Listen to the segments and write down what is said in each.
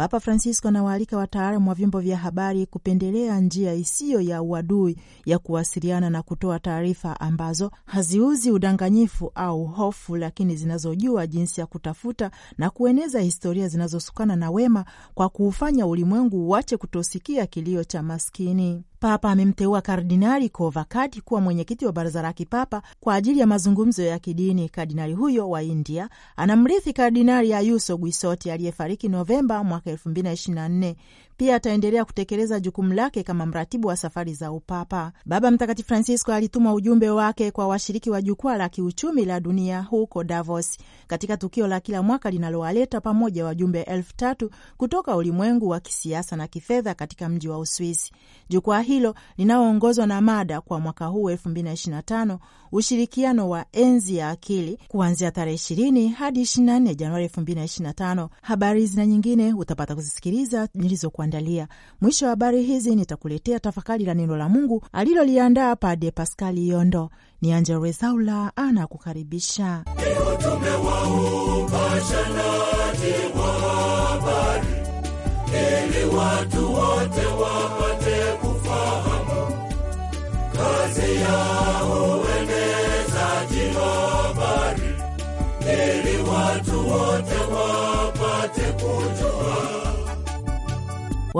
Papa Francisco anawaalika wataalamu wa vyombo vya habari kupendelea njia isiyo ya uadui ya kuwasiliana na kutoa taarifa ambazo haziuzi udanganyifu au hofu, lakini zinazojua jinsi ya kutafuta na kueneza historia zinazosukana na wema kwa kuufanya ulimwengu uache kutosikia kilio cha maskini. Papa amemteua Kardinali Kovakadi kuwa mwenyekiti wa baraza la kipapa kwa ajili ya mazungumzo ya kidini. Kardinali huyo wa India anamrithi Kardinali Ayuso Gwisoti aliyefariki Novemba mwaka mwaka elfu pia ataendelea kutekeleza jukumu lake kama mratibu wa safari za upapa. Baba Mtakatifu Francisco alituma ujumbe wake kwa washiriki wa jukwaa la kiuchumi la dunia huko Davos, katika tukio la kila mwaka linalowaleta pamoja wajumbe elfu tatu kutoka ulimwengu wa kisiasa na kifedha katika mji wa Uswisi. Jukwaa hilo linaoongozwa na mada kwa mwaka huu 2025 ushirikiano wa enzi ya akili, kuanzia tarehe 20 hadi 24 Januari 2025. Habari zina nyingine utapata kuzisikiliza nilizokuwa tulizokuandalia. Mwisho wa habari hizi nitakuletea tafakari la neno la Mungu aliloliandaa Pade Paskali Yondo. Ni Anja Rezaula anakukaribisha. Ili watu wote wapate kufahamu kazi ya uenezaji habari, ili watu wote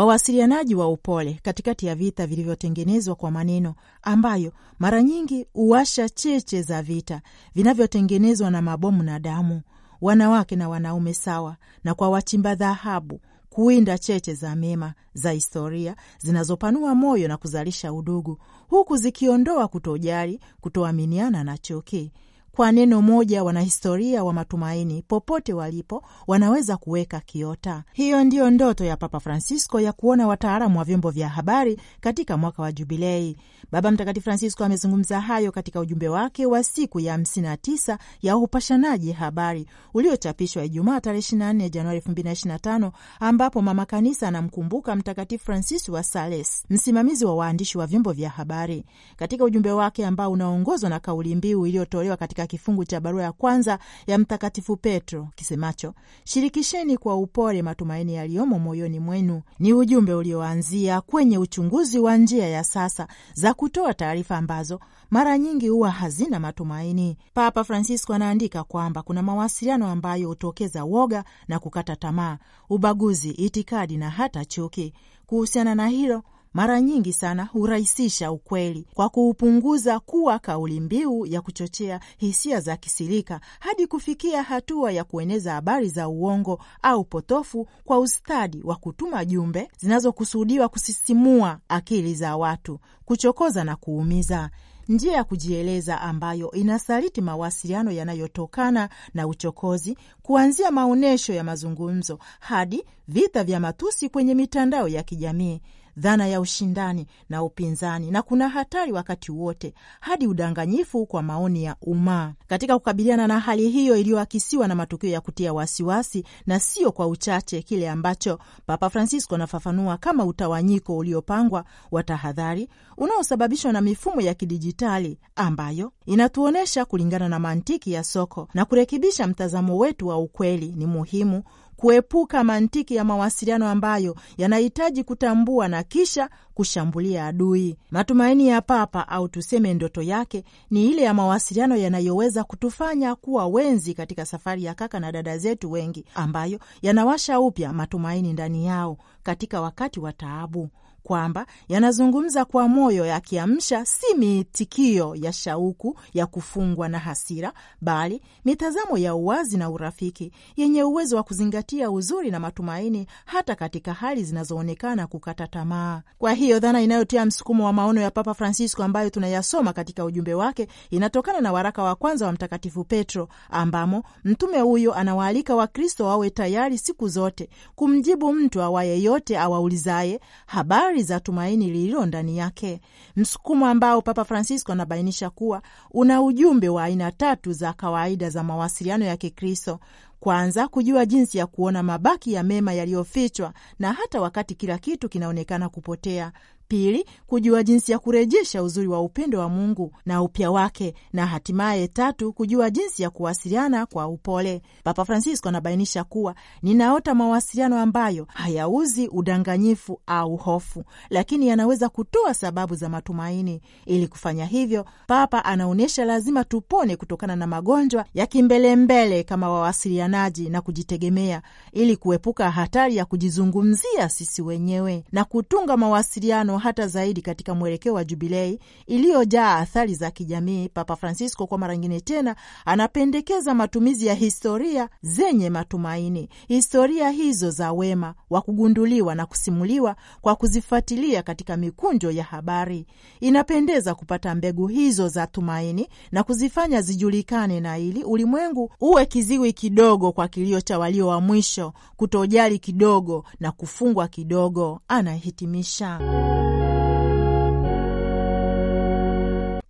wawasilianaji wa upole katikati ya vita vilivyotengenezwa kwa maneno ambayo mara nyingi huwasha cheche za vita vinavyotengenezwa na mabomu na damu, wanawake na wanaume sawa, na kwa wachimba dhahabu kuwinda cheche za mema za historia zinazopanua moyo na kuzalisha udugu, huku zikiondoa kutojali, kutoaminiana na chuki. Kwa neno moja, wanahistoria wa matumaini popote walipo wanaweza kuweka kiota. Hiyo ndiyo ndoto ya Papa Francisco ya kuona wataalamu wa vyombo vya habari katika mwaka wa Jubilei. Baba Mtakatifu Francisco amezungumza hayo katika ujumbe wake wa siku ya 59 ya upashanaji habari uliochapishwa Ijumaa tarehe 24 Januari 2025, ambapo Mama Kanisa anamkumbuka Mtakatifu Francis wa Sales, msimamizi wa waandishi wa vyombo vya habari. Katika ujumbe wake ambao unaongozwa na kauli mbiu iliyotolewa katika katika kifungu cha barua ya kwanza ya Mtakatifu Petro kisemacho shirikisheni kwa upole matumaini yaliyomo moyoni mwenu. Ni ujumbe ulioanzia kwenye uchunguzi wa njia ya sasa za kutoa taarifa ambazo mara nyingi huwa hazina matumaini. Papa Francisco anaandika kwamba kuna mawasiliano ambayo hutokeza woga na kukata tamaa, ubaguzi, itikadi na hata chuki. Kuhusiana na hilo mara nyingi sana hurahisisha ukweli kwa kuupunguza kuwa kauli mbiu ya kuchochea hisia za kisilika hadi kufikia hatua ya kueneza habari za uongo au potofu kwa ustadi wa kutuma jumbe zinazokusudiwa kusisimua akili za watu, kuchokoza na kuumiza njia ya kujieleza ambayo inasaliti mawasiliano yanayotokana na uchokozi, kuanzia maonyesho ya mazungumzo hadi vita vya matusi kwenye mitandao ya kijamii, dhana ya ushindani na upinzani, na kuna hatari wakati wote hadi udanganyifu kwa maoni ya umma. Katika kukabiliana na hali hiyo iliyoakisiwa na matukio ya kutia wasiwasi, na sio kwa uchache kile ambacho Papa Francisco anafafanua kama utawanyiko uliopangwa wa tahadhari unaosababishwa na mifumo ya kidijitali ambayo inatuonyesha kulingana na mantiki ya soko na kurekebisha mtazamo wetu wa ukweli, ni muhimu kuepuka mantiki ya mawasiliano ambayo yanahitaji kutambua na kisha kushambulia adui. Matumaini ya Papa au tuseme ndoto yake ni ile ya mawasiliano yanayoweza kutufanya kuwa wenzi katika safari ya kaka na dada zetu wengi, ambayo yanawasha upya matumaini ndani yao katika wakati wa taabu kwamba yanazungumza kwa moyo, yakiamsha si miitikio ya shauku ya kufungwa na hasira, bali mitazamo ya uwazi na urafiki yenye uwezo wa kuzingatia uzuri na matumaini hata katika hali zinazoonekana kukata tamaa. Kwa hiyo dhana inayotia msukumo wa maono ya Papa Francisco ambayo tunayasoma katika ujumbe wake inatokana na waraka wa kwanza wa Mtakatifu Petro ambamo mtume huyo anawaalika Wakristo wawe tayari siku zote kumjibu mtu awaye yote awaulizaye habari habari za tumaini lililo ndani yake, msukumo ambao Papa Francisco anabainisha kuwa una ujumbe wa aina tatu za kawaida za mawasiliano ya Kikristo. Kwanza, kujua jinsi ya kuona mabaki ya mema yaliyofichwa na hata wakati kila kitu kinaonekana kupotea. Pili, kujua jinsi ya kurejesha uzuri wa upendo wa Mungu na upya wake, na hatimaye tatu, kujua jinsi ya kuwasiliana kwa upole. Papa Francisco anabainisha kuwa ninaota mawasiliano ambayo hayauzi udanganyifu au hofu, lakini yanaweza kutoa sababu za matumaini. Ili kufanya hivyo, Papa anaonyesha lazima tupone kutokana na magonjwa ya kimbelembele kama wawasilianaji na kujitegemea, ili kuepuka hatari ya kujizungumzia sisi wenyewe na kutunga mawasiliano hata zaidi katika mwelekeo wa Jubilei iliyojaa athari za kijamii, Papa Francisco kwa mara nyingine tena anapendekeza matumizi ya historia zenye matumaini, historia hizo za wema wa kugunduliwa na kusimuliwa kwa kuzifuatilia katika mikunjo ya habari. Inapendeza kupata mbegu hizo za tumaini na kuzifanya zijulikane, na ili ulimwengu uwe kiziwi kidogo kwa kilio cha walio wa mwisho, kutojali kidogo na kufungwa kidogo, anahitimisha.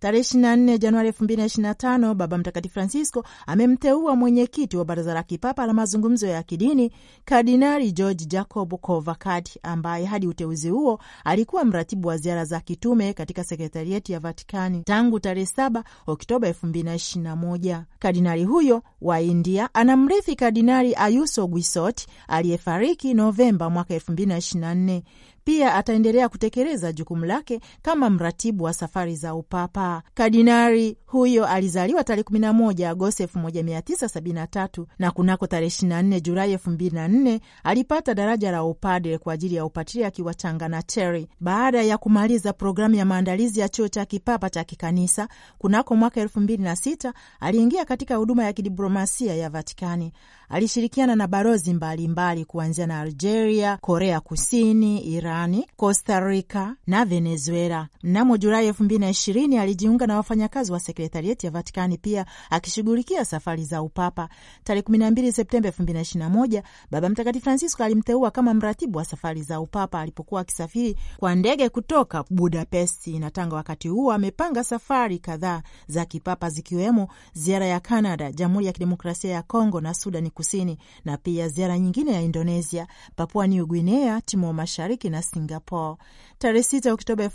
Tarehe 24 Januari 2025 Baba Mtakatifu Francisco amemteua mwenyekiti wa Baraza la Kipapa la Mazungumzo ya Kidini, Kardinali George Jacob covacad ambaye hadi uteuzi huo alikuwa mratibu wa ziara za kitume katika sekretarieti ya Vatikani tangu tarehe 7 Oktoba 2021. Kardinali huyo wa India anamrithi Kardinali Ayuso Gwisot aliyefariki Novemba mwaka 2024. Pia ataendelea kutekeleza jukumu lake kama mratibu wa safari za upapa. Kardinari huyo alizaliwa tarehe 11 Agosti 1973 na kunako tarehe 24 Julai 2004 alipata daraja la upadre kwa ajili ya upatiri akiwa Canganacheri baada ya kumaliza programu ya maandalizi ya chuo cha kipapa cha kikanisa. Kunako mwaka 2006 aliingia katika huduma ya kidiplomasia ya Vatikani. Alishirikiana na balozi mbalimbali kuanzia na Algeria, Korea Kusini, Iran, Irani, Costa Rica na Venezuela. Mnamo Julai elfu mbili na ishirini alijiunga na wafanyakazi wa sekretarieti ya Vatikani, pia akishughulikia safari za upapa. Tarehe kumi na mbili Septemba elfu mbili na ishirini na moja Baba Mtakatifu Francisco alimteua kama mratibu wa safari za upapa alipokuwa akisafiri kwa ndege kutoka Budapesti, na tangu wakati huo amepanga safari kadhaa za kipapa zikiwemo ziara ya Canada, Jamhuri ya Kidemokrasia ya Kongo na Sudani Kusini, na pia ziara nyingine ya Indonesia, Papua New Guinea, Timor Mashariki na Singapore. Tarehe 6 Oktoba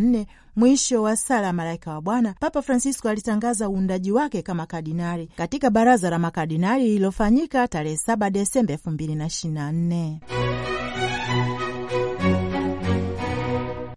nne, mwisho wa sala ya malaika wa Bwana, Papa Francisco alitangaza uundaji wake kama kardinali katika baraza la makardinali lililofanyika tarehe 7 Desemba nne.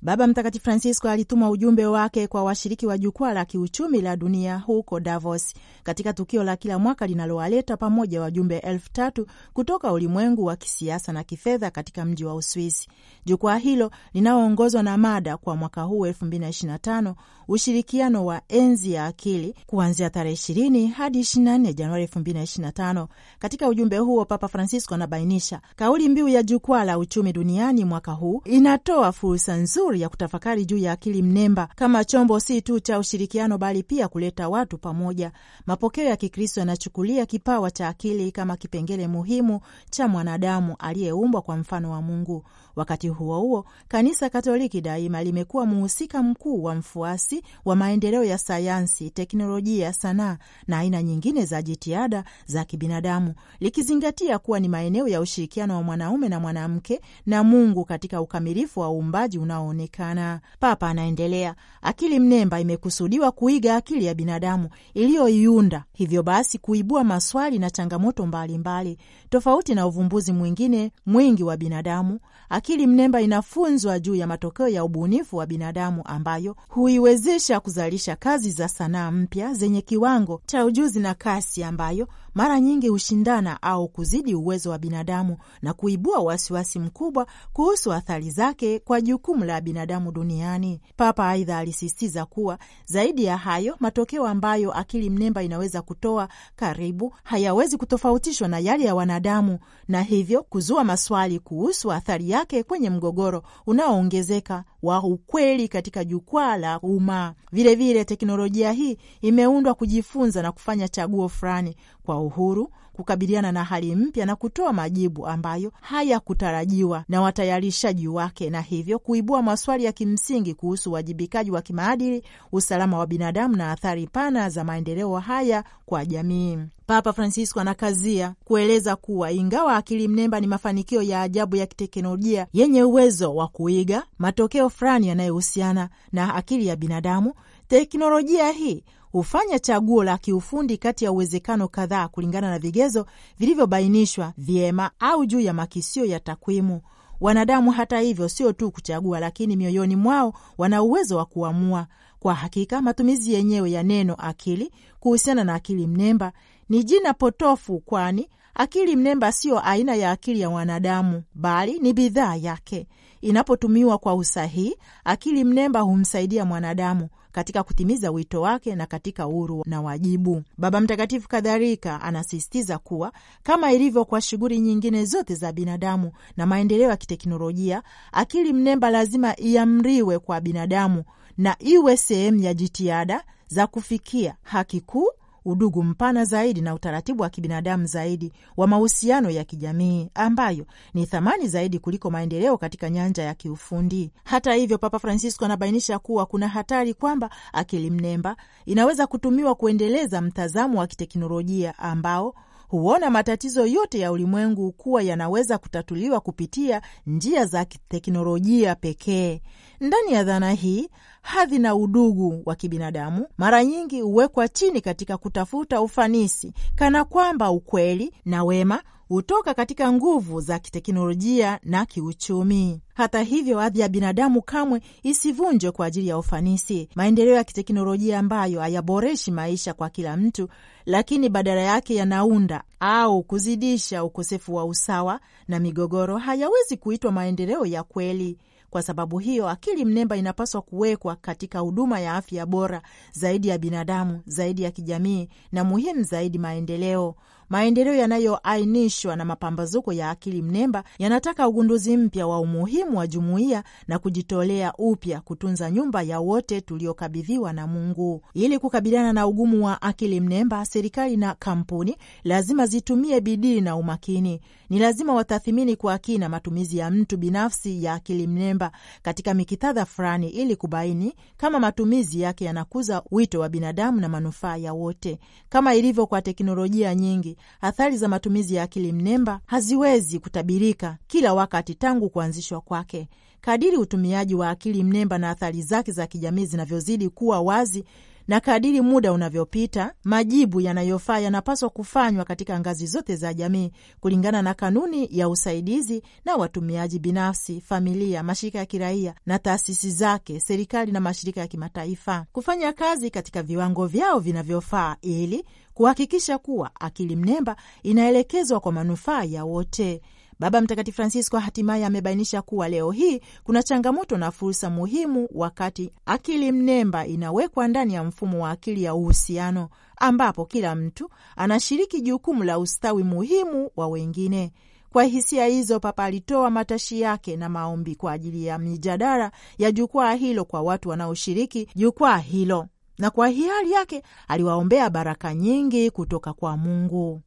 Baba Mtakatifu Francisco alituma ujumbe wake kwa washiriki wa jukwaa la kiuchumi la dunia huko Davos, katika tukio la kila mwaka linalowaleta pamoja wajumbe elfu tatu kutoka ulimwengu wa kisiasa na kifedha katika mji wa Uswisi. Jukwaa hilo linaoongozwa na mada kwa mwaka huu 2025 ushirikiano wa enzi ya akili, kuanzia tarehe 20 hadi 24 Januari 2025. Katika ujumbe huo, Papa Francisco anabainisha kauli mbiu ya jukwaa la uchumi duniani mwaka huu inatoa fursa nzuri ya kutafakari juu ya akili mnemba kama chombo si tu cha ushirikiano, bali pia kuleta watu pamoja. Mapokeo ya Kikristo yanachukulia kipawa cha akili kama kipengele muhimu cha mwanadamu aliyeumbwa kwa mfano wa Mungu. Wakati huo huo, Kanisa Katoliki daima limekuwa mhusika mkuu wa mfuasi wa maendeleo ya sayansi, teknolojia, sanaa na aina nyingine za jitihada za kibinadamu, likizingatia kuwa ni maeneo ya ushirikiano wa mwanaume na mwanamke na Mungu katika ukamilifu wa uumbaji unaoonekana. Papa anaendelea, akili mnemba imekusudiwa kuiga akili ya binadamu iliyoiunda, hivyo basi kuibua maswali na changamoto mbalimbali mbali, tofauti na uvumbuzi mwingine mwingi wa binadamu akili mnemba inafunzwa juu ya matokeo ya ubunifu wa binadamu ambayo huiwezesha kuzalisha kazi za sanaa mpya zenye kiwango cha ujuzi na kasi ambayo mara nyingi hushindana au kuzidi uwezo wa binadamu na kuibua wasiwasi mkubwa kuhusu athari zake kwa jukumu la binadamu duniani. Papa aidha alisisitiza kuwa zaidi ya hayo, matokeo ambayo akili mnemba inaweza kutoa karibu hayawezi kutofautishwa na yale ya wanadamu, na hivyo kuzua maswali kuhusu athari yake kwenye mgogoro unaoongezeka wa ukweli katika jukwaa la umma. Vilevile, teknolojia hii imeundwa kujifunza na kufanya chaguo fulani kwa uhuru kukabiliana na hali mpya na kutoa majibu ambayo hayakutarajiwa na watayarishaji wake na hivyo kuibua maswali ya kimsingi kuhusu uwajibikaji wa kimaadili, usalama wa binadamu na athari pana za maendeleo haya kwa jamii. Papa Francisco anakazia kueleza kuwa ingawa akili mnemba ni mafanikio ya ajabu ya kiteknolojia yenye uwezo wa kuiga matokeo fulani yanayohusiana na akili ya binadamu, teknolojia hii hufanya chaguo la kiufundi kati ya uwezekano kadhaa kulingana na vigezo vilivyobainishwa vyema au juu ya makisio ya takwimu. Wanadamu hata hivyo, sio tu kuchagua, lakini mioyoni mwao wana uwezo wa kuamua. Kwa hakika, matumizi yenyewe ya neno akili kuhusiana na akili mnemba ni jina potofu, kwani akili mnemba siyo aina ya akili ya wanadamu, bali ni bidhaa yake. Inapotumiwa kwa usahihi, akili mnemba humsaidia mwanadamu katika kutimiza wito wake na katika uhuru na wajibu. Baba Mtakatifu kadhalika anasisitiza kuwa kama ilivyo kwa shughuli nyingine zote za binadamu na maendeleo ya kiteknolojia, akili mnemba lazima iamriwe kwa binadamu na iwe sehemu ya jitihada za kufikia haki kuu udugu mpana zaidi na utaratibu wa kibinadamu zaidi wa mahusiano ya kijamii ambayo ni thamani zaidi kuliko maendeleo katika nyanja ya kiufundi. Hata hivyo, Papa Francisco anabainisha kuwa kuna hatari kwamba akili mnemba inaweza kutumiwa kuendeleza mtazamo wa kiteknolojia ambao huona matatizo yote ya ulimwengu kuwa yanaweza kutatuliwa kupitia njia za teknolojia pekee. Ndani ya dhana hii, hadhi na udugu wa kibinadamu mara nyingi huwekwa chini katika kutafuta ufanisi, kana kwamba ukweli na wema hutoka katika nguvu za kiteknolojia na kiuchumi. Hata hivyo, hadhi ya binadamu kamwe isivunjwe kwa ajili ya ufanisi, maendeleo ya kiteknolojia ambayo hayaboreshi maisha kwa kila mtu, lakini badala yake yanaunda au kuzidisha ukosefu wa usawa na migogoro, hayawezi kuitwa maendeleo ya kweli. Kwa sababu hiyo, akili mnemba inapaswa kuwekwa katika huduma ya afya bora zaidi ya binadamu, zaidi ya kijamii na muhimu zaidi, maendeleo Maendeleo yanayoainishwa na mapambazuko ya akili mnemba yanataka ugunduzi mpya wa umuhimu wa jumuiya na kujitolea upya kutunza nyumba ya wote tuliokabidhiwa na Mungu. Ili kukabiliana na ugumu wa akili mnemba, serikali na kampuni lazima zitumie bidii na umakini. Ni lazima watathimini kwa kina matumizi ya mtu binafsi ya akili mnemba katika mikitadha fulani, ili kubaini kama matumizi yake yanakuza wito wa binadamu na manufaa ya wote. Kama ilivyo kwa teknolojia nyingi Athari za matumizi ya akili mnemba haziwezi kutabirika kila wakati tangu kuanzishwa kwake. Kadiri utumiaji wa akili mnemba na athari zake za kijamii zinavyozidi kuwa wazi, na kadiri muda unavyopita, majibu yanayofaa yanapaswa kufanywa katika ngazi zote za jamii kulingana na kanuni ya usaidizi na watumiaji binafsi, familia, mashirika ya kiraia na taasisi zake, serikali na mashirika ya kimataifa kufanya kazi katika viwango vyao vinavyofaa ili kuhakikisha kuwa akili mnemba inaelekezwa kwa manufaa ya wote. Baba Mtakatifu Francisco hatimaye amebainisha kuwa leo hii kuna changamoto na fursa muhimu wakati akili mnemba inawekwa ndani ya mfumo wa akili ya uhusiano, ambapo kila mtu anashiriki jukumu la ustawi muhimu wa wengine. Kwa hisia hizo, Papa alitoa matashi yake na maombi kwa ajili ya mijadala ya jukwaa hilo kwa watu wanaoshiriki jukwaa hilo, na kwa hiari yake aliwaombea baraka nyingi kutoka kwa Mungu.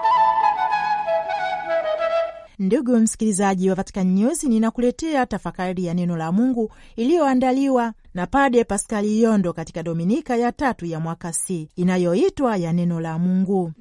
Ndugu msikilizaji wa Vatican News, ninakuletea tafakari ya neno la Mungu iliyoandaliwa na Pade Paskali Yondo katika Dominika ya tatu ya mwaka C inayoitwa ya neno la Mungu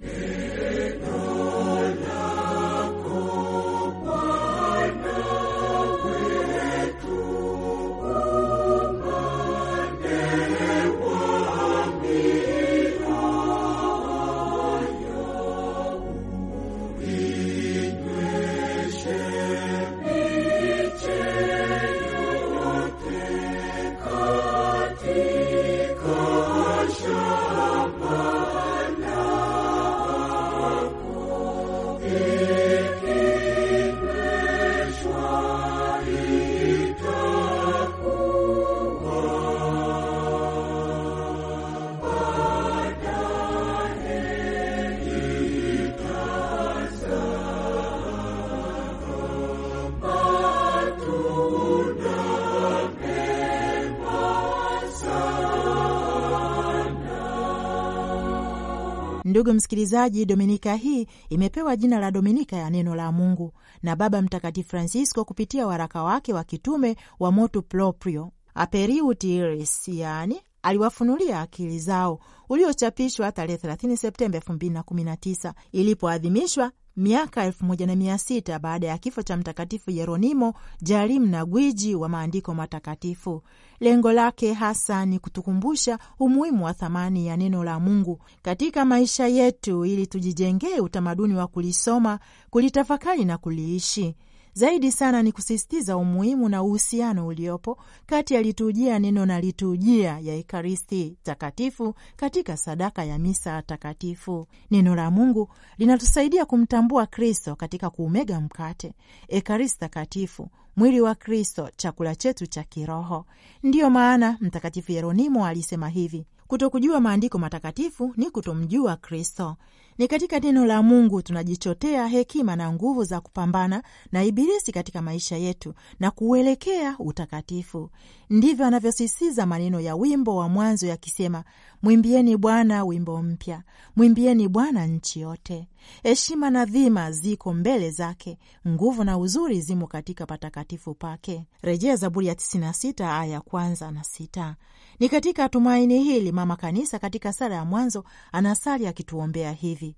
Ndugu msikilizaji, dominika hii imepewa jina la Dominika ya Neno la Mungu na Baba Mtakatifu Francisco kupitia waraka wake wa kitume wa Motu Proprio Aperiutiris, yani aliwafunulia akili zao, uliochapishwa tarehe 30 Septemba 2019 ilipoadhimishwa miaka elfu moja na mia sita baada ya kifo cha Mtakatifu Yeronimo, jarim na gwiji wa maandiko matakatifu. Lengo lake hasa ni kutukumbusha umuhimu wa thamani ya neno la Mungu katika maisha yetu, ili tujijengee utamaduni wa kulisoma, kulitafakari na kuliishi. Zaidi sana ni kusisitiza umuhimu na uhusiano uliopo kati ya liturujia neno na liturujia ya Ekaristi takatifu katika sadaka ya misa takatifu. Neno la Mungu linatusaidia kumtambua Kristo katika kuumega mkate, Ekaristi takatifu mwili wa Kristo, chakula chetu cha kiroho. Ndiyo maana Mtakatifu Yeronimo alisema hivi, kutokujua maandiko matakatifu ni kutomjua Kristo. Ni katika neno la Mungu tunajichotea hekima na nguvu za kupambana na Ibilisi katika maisha yetu na kuuelekea utakatifu. Ndivyo anavyosisitiza maneno ya wimbo wa mwanzo yakisema, mwimbieni Bwana wimbo mpya, mwimbieni Bwana nchi yote. Heshima na dhima ziko mbele zake, nguvu na uzuri zimo katika patakatifu pake. Rejea Zaburi ya 96 aya kwanza na sita. Ni katika tumaini hili mama kanisa katika sala ya mwanzo anasali akituombea hivi haki.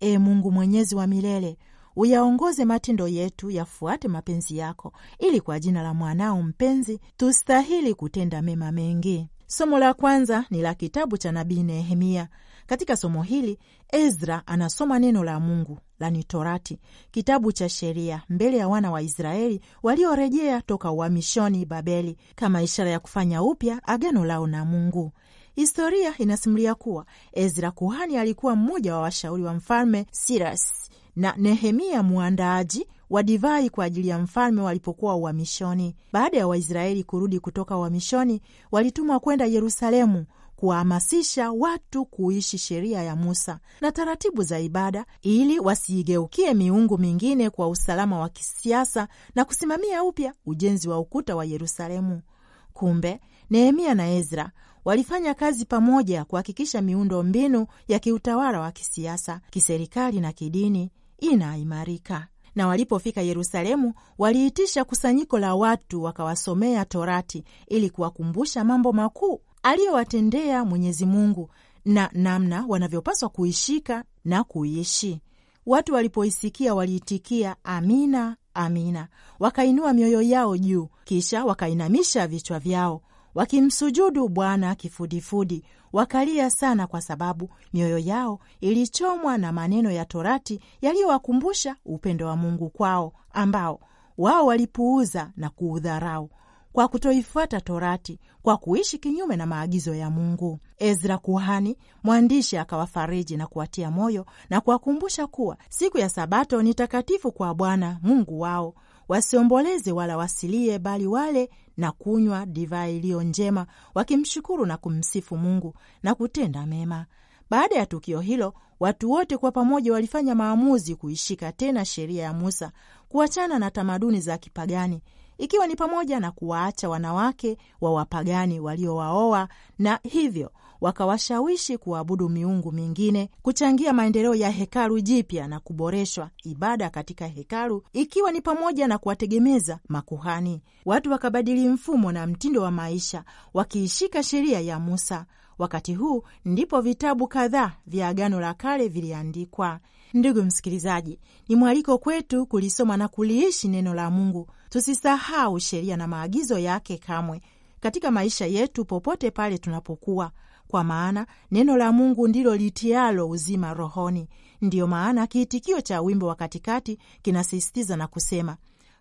E Mungu mwenyezi wa milele, uyaongoze matendo yetu yafuate mapenzi yako, ili kwa jina la mwanao mpenzi tustahili kutenda mema mengi. Somo la kwanza ni la kitabu cha nabii Nehemia. Katika somo hili Ezra anasoma neno la Mungu lani Torati, kitabu cha sheria, mbele ya wana wa Israeli waliorejea toka uhamishoni Babeli, kama ishara ya kufanya upya agano lao na Mungu. Historia inasimulia kuwa Ezra kuhani alikuwa mmoja wa washauri wa mfalme siras na Nehemia mwandaaji wa divai kwa ajili ya mfalme walipokuwa uhamishoni. Baada ya Waisraeli kurudi kutoka uhamishoni, walitumwa kwenda Yerusalemu kuwahamasisha watu kuishi sheria ya Musa na taratibu za ibada ili wasiigeukie miungu mingine kwa usalama wa kisiasa na kusimamia upya ujenzi wa ukuta wa Yerusalemu. Kumbe Nehemia na Ezra walifanya kazi pamoja kuhakikisha miundo mbinu ya kiutawala wa kisiasa, kiserikali na kidini inaimarika na walipofika Yerusalemu waliitisha kusanyiko la watu wakawasomea Torati ili kuwakumbusha mambo makuu aliyowatendea Mwenyezi Mungu na namna wanavyopaswa kuishika na kuishi. Watu walipoisikia waliitikia amina, amina, wakainua mioyo yao juu, kisha wakainamisha vichwa vyao wakimsujudu Bwana kifudifudi, wakalia sana, kwa sababu mioyo yao ilichomwa na maneno ya Torati yaliyowakumbusha upendo wa Mungu kwao ambao wao walipuuza na kuudharau kwa kutoifuata Torati, kwa kuishi kinyume na maagizo ya Mungu. Ezra kuhani mwandishi akawafariji na kuwatia moyo na kuwakumbusha kuwa siku ya Sabato ni takatifu kwa Bwana Mungu wao, wasiomboleze wala wasilie, bali wale na kunywa divai iliyo njema, wakimshukuru na kumsifu Mungu na kutenda mema. Baada ya tukio hilo, watu wote kwa pamoja walifanya maamuzi kuishika tena sheria ya Musa, kuachana na tamaduni za kipagani ikiwa ni pamoja na kuwaacha wanawake wa wapagani waliowaoa na hivyo wakawashawishi kuabudu miungu mingine, kuchangia maendeleo ya hekalu jipya na kuboreshwa ibada katika hekalu, ikiwa ni pamoja na kuwategemeza makuhani. Watu wakabadili mfumo na mtindo wa maisha, wakiishika sheria ya Musa. Wakati huu ndipo vitabu kadhaa vya Agano la Kale viliandikwa. Ndugu msikilizaji, ni mwaliko kwetu kulisoma na kuliishi neno la Mungu. Tusisahau sheria na maagizo yake kamwe katika maisha yetu, popote pale tunapokuwa, kwa maana neno la Mungu ndilo litialo uzima rohoni. Ndiyo maana kiitikio cha wimbo wa katikati kinasisitiza na kusema,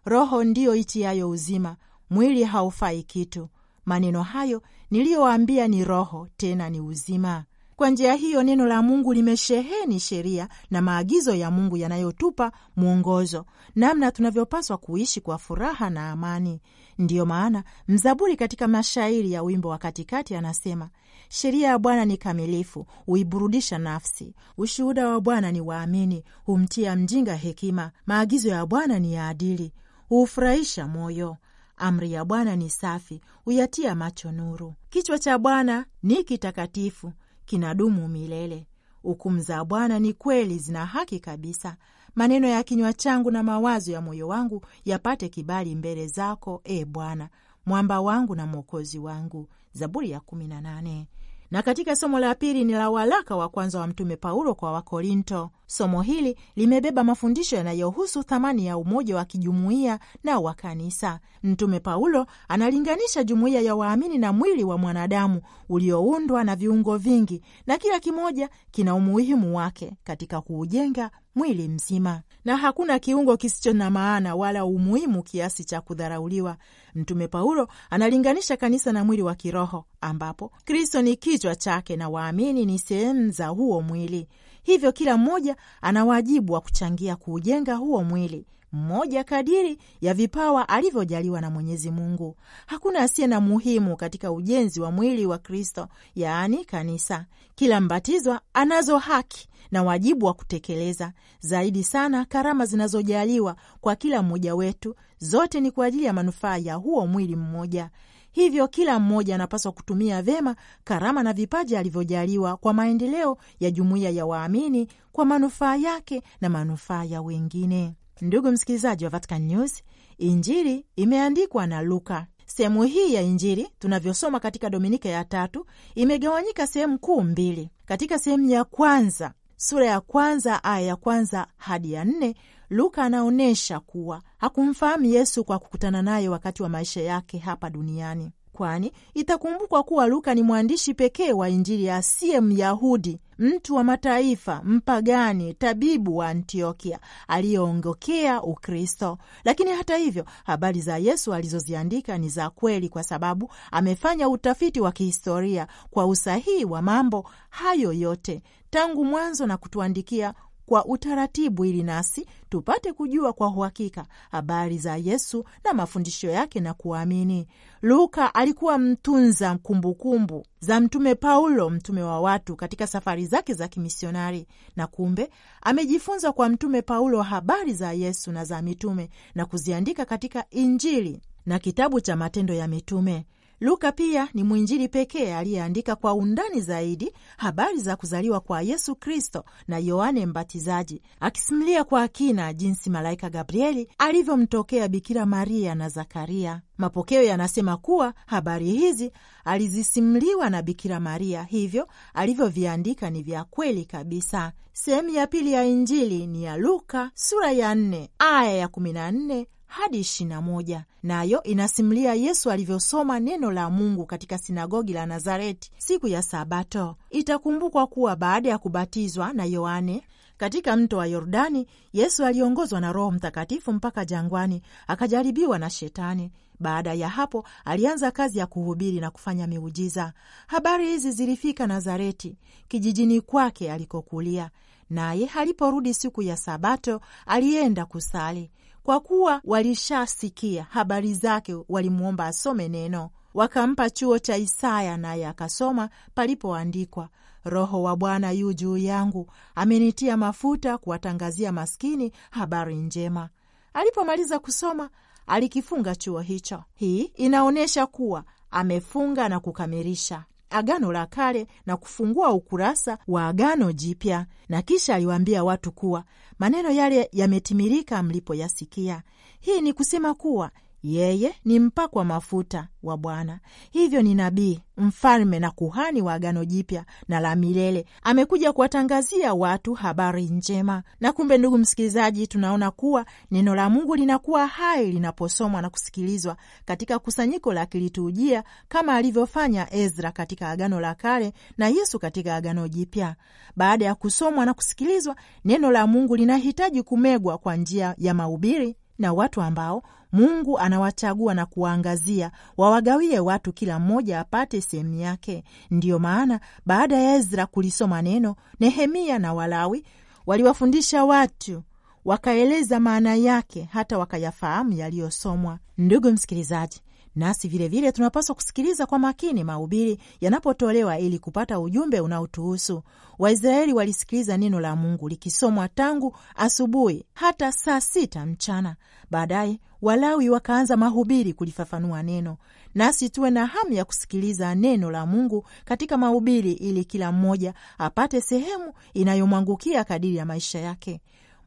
roho ndiyo itiayo uzima, mwili haufai kitu. Maneno hayo niliyowaambia ni roho, tena ni uzima. Kwa njia hiyo neno la Mungu limesheheni sheria na maagizo ya Mungu yanayotupa mwongozo namna tunavyopaswa kuishi kwa furaha na amani. Ndiyo maana mzaburi katika mashairi ya wimbo wa katikati anasema, Sheria ya Bwana ni kamilifu, huiburudisha nafsi. Ushuhuda wa Bwana ni waamini, humtia mjinga hekima. Maagizo ya Bwana ni ya adili, huufurahisha moyo. Amri ya Bwana ni safi, huyatia macho nuru. Kichwa cha Bwana ni kitakatifu, kinadumu milele. Hukumu za Bwana ni kweli, zina haki kabisa. Maneno ya kinywa changu na mawazo ya moyo wangu yapate kibali mbele zako, e Bwana, mwamba wangu na mwokozi wangu. Zaburi ya kumi na nane na katika somo la pili ni la waraka wa kwanza wa Mtume Paulo kwa Wakorinto. Somo hili limebeba mafundisho yanayohusu thamani ya umoja wa kijumuiya na wa kanisa. Mtume Paulo analinganisha jumuiya ya waamini na mwili wa mwanadamu ulioundwa na viungo vingi, na kila kimoja kina umuhimu wake katika kuujenga mwili mzima, na hakuna kiungo kisicho na maana wala umuhimu kiasi cha kudharauliwa. Mtume Paulo analinganisha kanisa na mwili wa kiroho, ambapo Kristo ni kichwa chake na waamini ni sehemu za huo mwili. Hivyo kila mmoja ana wajibu wa kuchangia kuujenga huo mwili mmoja kadiri ya vipawa alivyojaliwa na Mwenyezi Mungu. Hakuna asiye na muhimu katika ujenzi wa mwili wa Kristo, yaani kanisa. Kila mbatizwa anazo haki na wajibu wa kutekeleza. Zaidi sana, karama zinazojaliwa kwa kila mmoja wetu zote ni kwa ajili ya manufaa ya huo mwili mmoja. Hivyo kila mmoja anapaswa kutumia vyema karama na vipaji alivyojaliwa kwa maendeleo ya jumuiya ya waamini, kwa manufaa yake na manufaa ya wengine. Ndugu msikilizaji wa Vatican News, Injili imeandikwa na Luka. Sehemu hii ya Injili tunavyosoma katika Dominika ya tatu imegawanyika sehemu kuu mbili. Katika sehemu ya kwanza, sura ya kwanza aya ya kwanza hadi ya nne, Luka anaonyesha kuwa hakumfahamu Yesu kwa kukutana naye wakati wa maisha yake hapa duniani kwani itakumbukwa kuwa Luka ni mwandishi pekee wa Injili asiye Myahudi, mtu wa mataifa, mpagani, tabibu wa Antiokia aliyeongokea Ukristo. Lakini hata hivyo, habari za Yesu alizoziandika ni za kweli, kwa sababu amefanya utafiti wa kihistoria kwa usahihi wa mambo hayo yote tangu mwanzo na kutuandikia kwa utaratibu, ili nasi tupate kujua kwa uhakika habari za Yesu na mafundisho yake na kuamini. Luka alikuwa mtunza kumbukumbu za Mtume Paulo, mtume wa watu, katika safari zake za kimisionari, na kumbe amejifunza kwa Mtume Paulo habari za Yesu na za mitume na kuziandika katika Injili na kitabu cha Matendo ya Mitume. Luka pia ni mwinjili pekee aliyeandika kwa undani zaidi habari za kuzaliwa kwa Yesu Kristo na Yohane Mbatizaji, akisimulia kwa kina jinsi malaika Gabrieli alivyomtokea Bikira Maria na Zakaria. Mapokeo yanasema kuwa habari hizi alizisimuliwa na Bikira Maria, hivyo alivyoviandika ni vya kweli kabisa. Sehemu ya pili ya Injili ni ya Luka sura ya 4 aya ya 14 hadi ishirini moja. Nayo inasimulia Yesu alivyosoma neno la Mungu katika sinagogi la Nazareti siku ya Sabato. Itakumbukwa kuwa baada ya kubatizwa na Yohane katika mto wa Yordani, Yesu aliongozwa na Roho Mtakatifu mpaka jangwani, akajaribiwa na Shetani. Baada ya hapo alianza kazi ya kuhubiri na kufanya miujiza. Habari hizi zilifika Nazareti, kijijini kwake alikokulia, naye aliporudi siku ya Sabato alienda kusali kwa kuwa walishasikia habari zake, walimwomba asome neno. Wakampa chuo cha Isaya, naye akasoma palipoandikwa, Roho wa Bwana yu juu yangu, amenitia mafuta kuwatangazia maskini habari njema. Alipomaliza kusoma, alikifunga chuo hicho. Hii inaonyesha kuwa amefunga na kukamilisha. Agano la Kale na kufungua ukurasa wa Agano Jipya. Na kisha aliwaambia watu kuwa maneno yale yametimilika mlipoyasikia. Hii ni kusema kuwa yeye ni mpakwa mafuta wa Bwana, hivyo ni nabii, mfalme na kuhani wa Agano Jipya na la milele. Amekuja kuwatangazia watu habari njema. Na kumbe, ndugu msikilizaji, tunaona kuwa neno la Mungu linakuwa hai linaposomwa na kusikilizwa katika kusanyiko la kiliturujia kama alivyofanya Ezra katika Agano la Kale na Yesu katika Agano Jipya. Baada ya kusomwa na kusikilizwa, neno la Mungu linahitaji kumegwa kwa njia ya mahubiri na watu ambao Mungu anawachagua na kuwaangazia wawagawie watu, kila mmoja apate sehemu yake. Ndiyo maana baada ya Ezra kulisoma neno, Nehemia na Walawi waliwafundisha watu wakaeleza maana yake hata wakayafahamu yaliyosomwa. Ndugu msikilizaji, Nasi vilevile tunapaswa kusikiliza kwa makini mahubiri yanapotolewa ili kupata ujumbe unaotuhusu. Waisraeli walisikiliza neno la Mungu likisomwa tangu asubuhi hata saa sita mchana. Baadaye Walawi wakaanza mahubiri kulifafanua neno. Nasi tuwe na hamu ya kusikiliza neno la Mungu katika mahubiri, ili kila mmoja apate sehemu inayomwangukia kadiri ya maisha yake.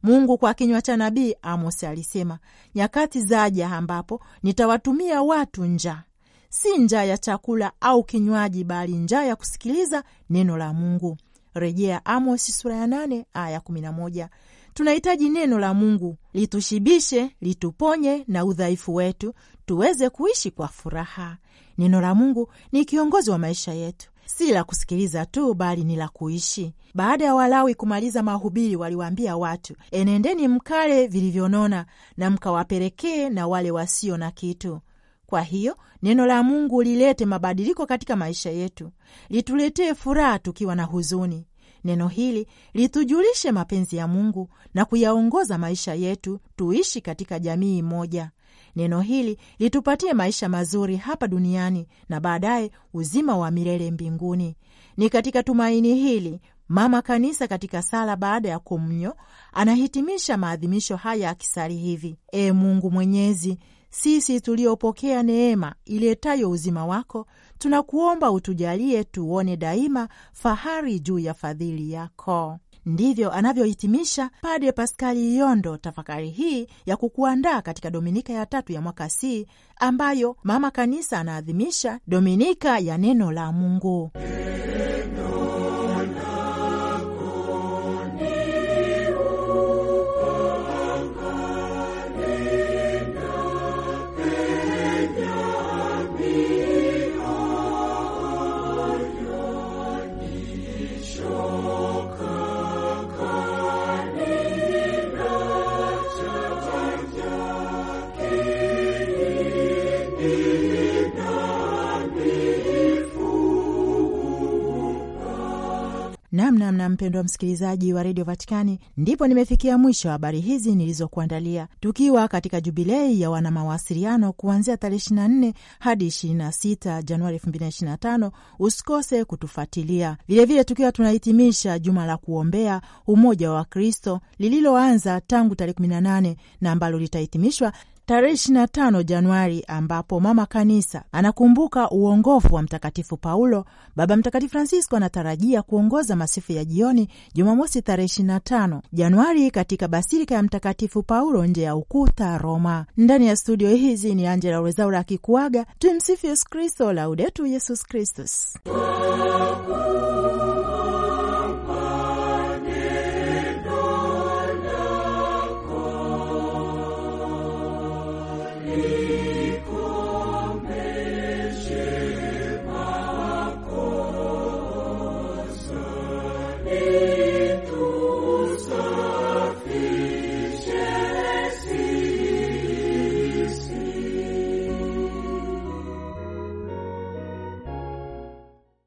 Mungu kwa kinywa cha nabii Amos alisema, nyakati zaja ambapo nitawatumia watu njaa, si njaa ya chakula au kinywaji, bali njaa ya kusikiliza neno la Mungu. Rejea Amos sura ya nane aya kumi na moja. Tunahitaji neno la Mungu litushibishe, lituponye na udhaifu wetu, tuweze kuishi kwa furaha. Neno la Mungu ni kiongozi wa maisha yetu si la kusikiliza tu, bali ni la kuishi. Baada ya Walawi kumaliza mahubiri, waliwaambia watu, enendeni mkale vilivyonona na mkawapelekee na wale wasio na kitu. Kwa hiyo neno la Mungu lilete mabadiliko katika maisha yetu, lituletee furaha tukiwa na huzuni. Neno hili litujulishe mapenzi ya Mungu na kuyaongoza maisha yetu, tuishi katika jamii moja Neno hili litupatie maisha mazuri hapa duniani na baadaye uzima wa milele mbinguni. Ni katika tumaini hili Mama Kanisa katika sala baada ya kumnyo anahitimisha maadhimisho haya akisali hivi: E Mungu Mwenyezi, sisi tuliopokea neema iletayo uzima wako, tunakuomba utujalie tuone daima fahari juu ya fadhili yako. Ndivyo anavyohitimisha Padre Paskali Yondo tafakari hii ya kukuandaa katika Dominika ya tatu ya mwaka C ambayo Mama Kanisa anaadhimisha Dominika ya Neno la Mungu. Neno. namna, mpendwa msikilizaji wa redio Vatikani, ndipo nimefikia mwisho wa habari hizi nilizokuandalia, tukiwa katika jubilei ya wanamawasiliano kuanzia tarehe 24 hadi 26 Januari 2025. Usikose kutufuatilia vilevile, tukiwa tunahitimisha juma la kuombea umoja wa Kristo lililoanza tangu tarehe 18 na ambalo litahitimishwa tarehe 25 Januari, ambapo mama kanisa anakumbuka uongofu wa Mtakatifu Paulo. Baba Mtakatifu Francisco anatarajia kuongoza masifu ya jioni Jumamosi tarehe 25 Januari katika basilika ya Mtakatifu Paulo nje ya ukuta Roma. Ndani ya studio hizi ni Angela Rezaura akikuaga. Tumsifu Yesu Kristo, Laudetu Yesus Kristus.